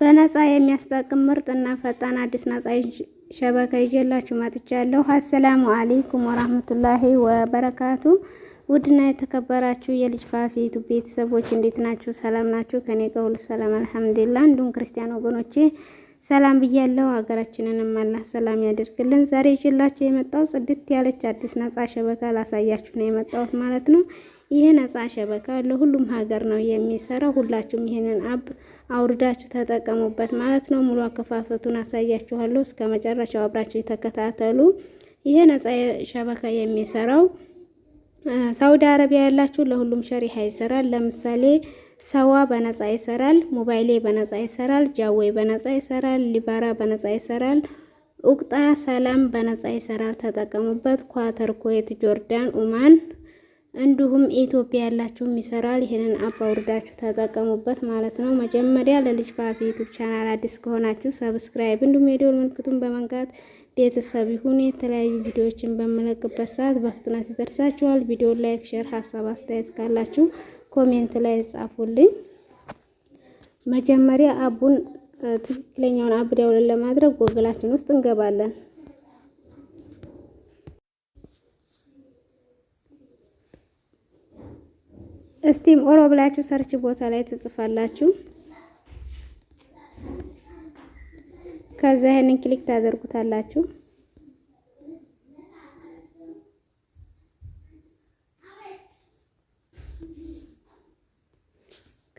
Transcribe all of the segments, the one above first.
በነፃ የሚያስጠቅም ምርጥና ፈጣን አዲስ ነፃ ሸበካ ይዤላችሁ መጥቻለሁ። አሰላሙ አሌይኩም ወራህመቱላሂ ወበረካቱ። ውድና የተከበራችሁ የልጅ ፋፊቱ ቤተሰቦች እንዴት ናችሁ? ሰላም ናችሁ? ከኔ ጋር ሁሉ ሰላም አልሐምዱሊላህ። እንዲሁም ክርስቲያን ወገኖቼ ሰላም ብያለሁ። ሀገራችንንም አላህ ሰላም ያደርግልን። ዛሬ ይዤላችሁ የመጣው ጽድት ያለች አዲስ ነፃ ሸበካ ላሳያችሁ ነው የመጣሁት ማለት ነው። ይህ ነፃ ሸበካ ለሁሉም ሀገር ነው የሚሰራው። ሁላችሁም ይህንን አብ አውርዳችሁ ተጠቀሙበት ማለት ነው። ሙሉ አከፋፈቱን አሳያችኋለሁ። እስከ መጨረሻው አብራችሁ የተከታተሉ። ይህ ነፃ ሸበካ የሚሰራው ሳውዲ አረቢያ ያላችሁ ለሁሉም ሸሪሃ ይሰራል። ለምሳሌ ሰዋ በነጻ ይሰራል፣ ሞባይሌ በነጻ ይሰራል፣ ጃዌ በነጻ ይሰራል፣ ሊባራ በነጻ ይሰራል፣ ኡቅጣ ሰላም በነጻ ይሰራል። ተጠቀሙበት። ኳተር፣ ኩዌት፣ ጆርዳን፣ ኡማን እንዲሁም ኢትዮጵያ ያላችሁም ይሰራል። ይህንን አፕ አውርዳችሁ ተጠቀሙበት ማለት ነው። መጀመሪያ ለልጅ ፋፊ ዩቱብ ቻናል አዲስ ከሆናችሁ ሰብስክራይብ፣ እንዲሁም የደወል ምልክቱን በመንካት ቤተሰብ ይሁን። የተለያዩ ቪዲዮዎችን በምለቅበት ሰዓት በፍጥነት ይደርሳችኋል። ቪዲዮ ላይክ፣ ሼር፣ ሀሳብ አስተያየት ካላችሁ ኮሜንት ላይ ጻፉልኝ። መጀመሪያ አቡን ትክክለኛውን አብ ዳውንሎድ ለማድረግ ጎግላችን ውስጥ እንገባለን። እስቲም ኦሮ ብላችሁ ሰርች ቦታ ላይ ትጽፋላችሁ። ከዛ ይሄንን ክሊክ ታደርጉታላችሁ።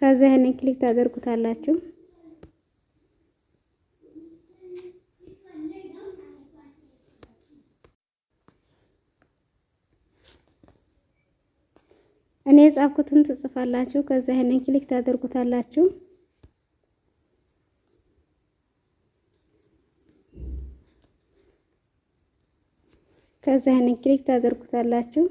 ከዛ ይሄንን ክሊክ ታደርጉታላችሁ። እኔ የጻፍኩትን ትጽፋላችሁ። ከዛ ይሄንን ክሊክ ታደርጉታላችሁ። ከዛ ይሄንን ክሊክ ታደርጉታላችሁ።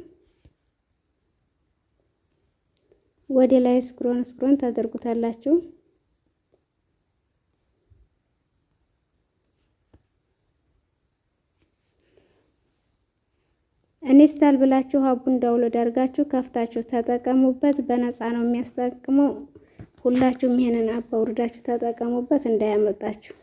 ወደ ላይ ስክሮን ስክሮን ታደርጉታላችሁ። ኢንስታል ብላችሁ አቡን ዳውንሎድ ዳርጋችሁ ከፍታችሁ ተጠቀሙበት። በነፃ ነው የሚያስጠቅመው። ሁላችሁም ይሄንን አባ ውርዳችሁ ተጠቀሙበት እንዳያመጣችሁ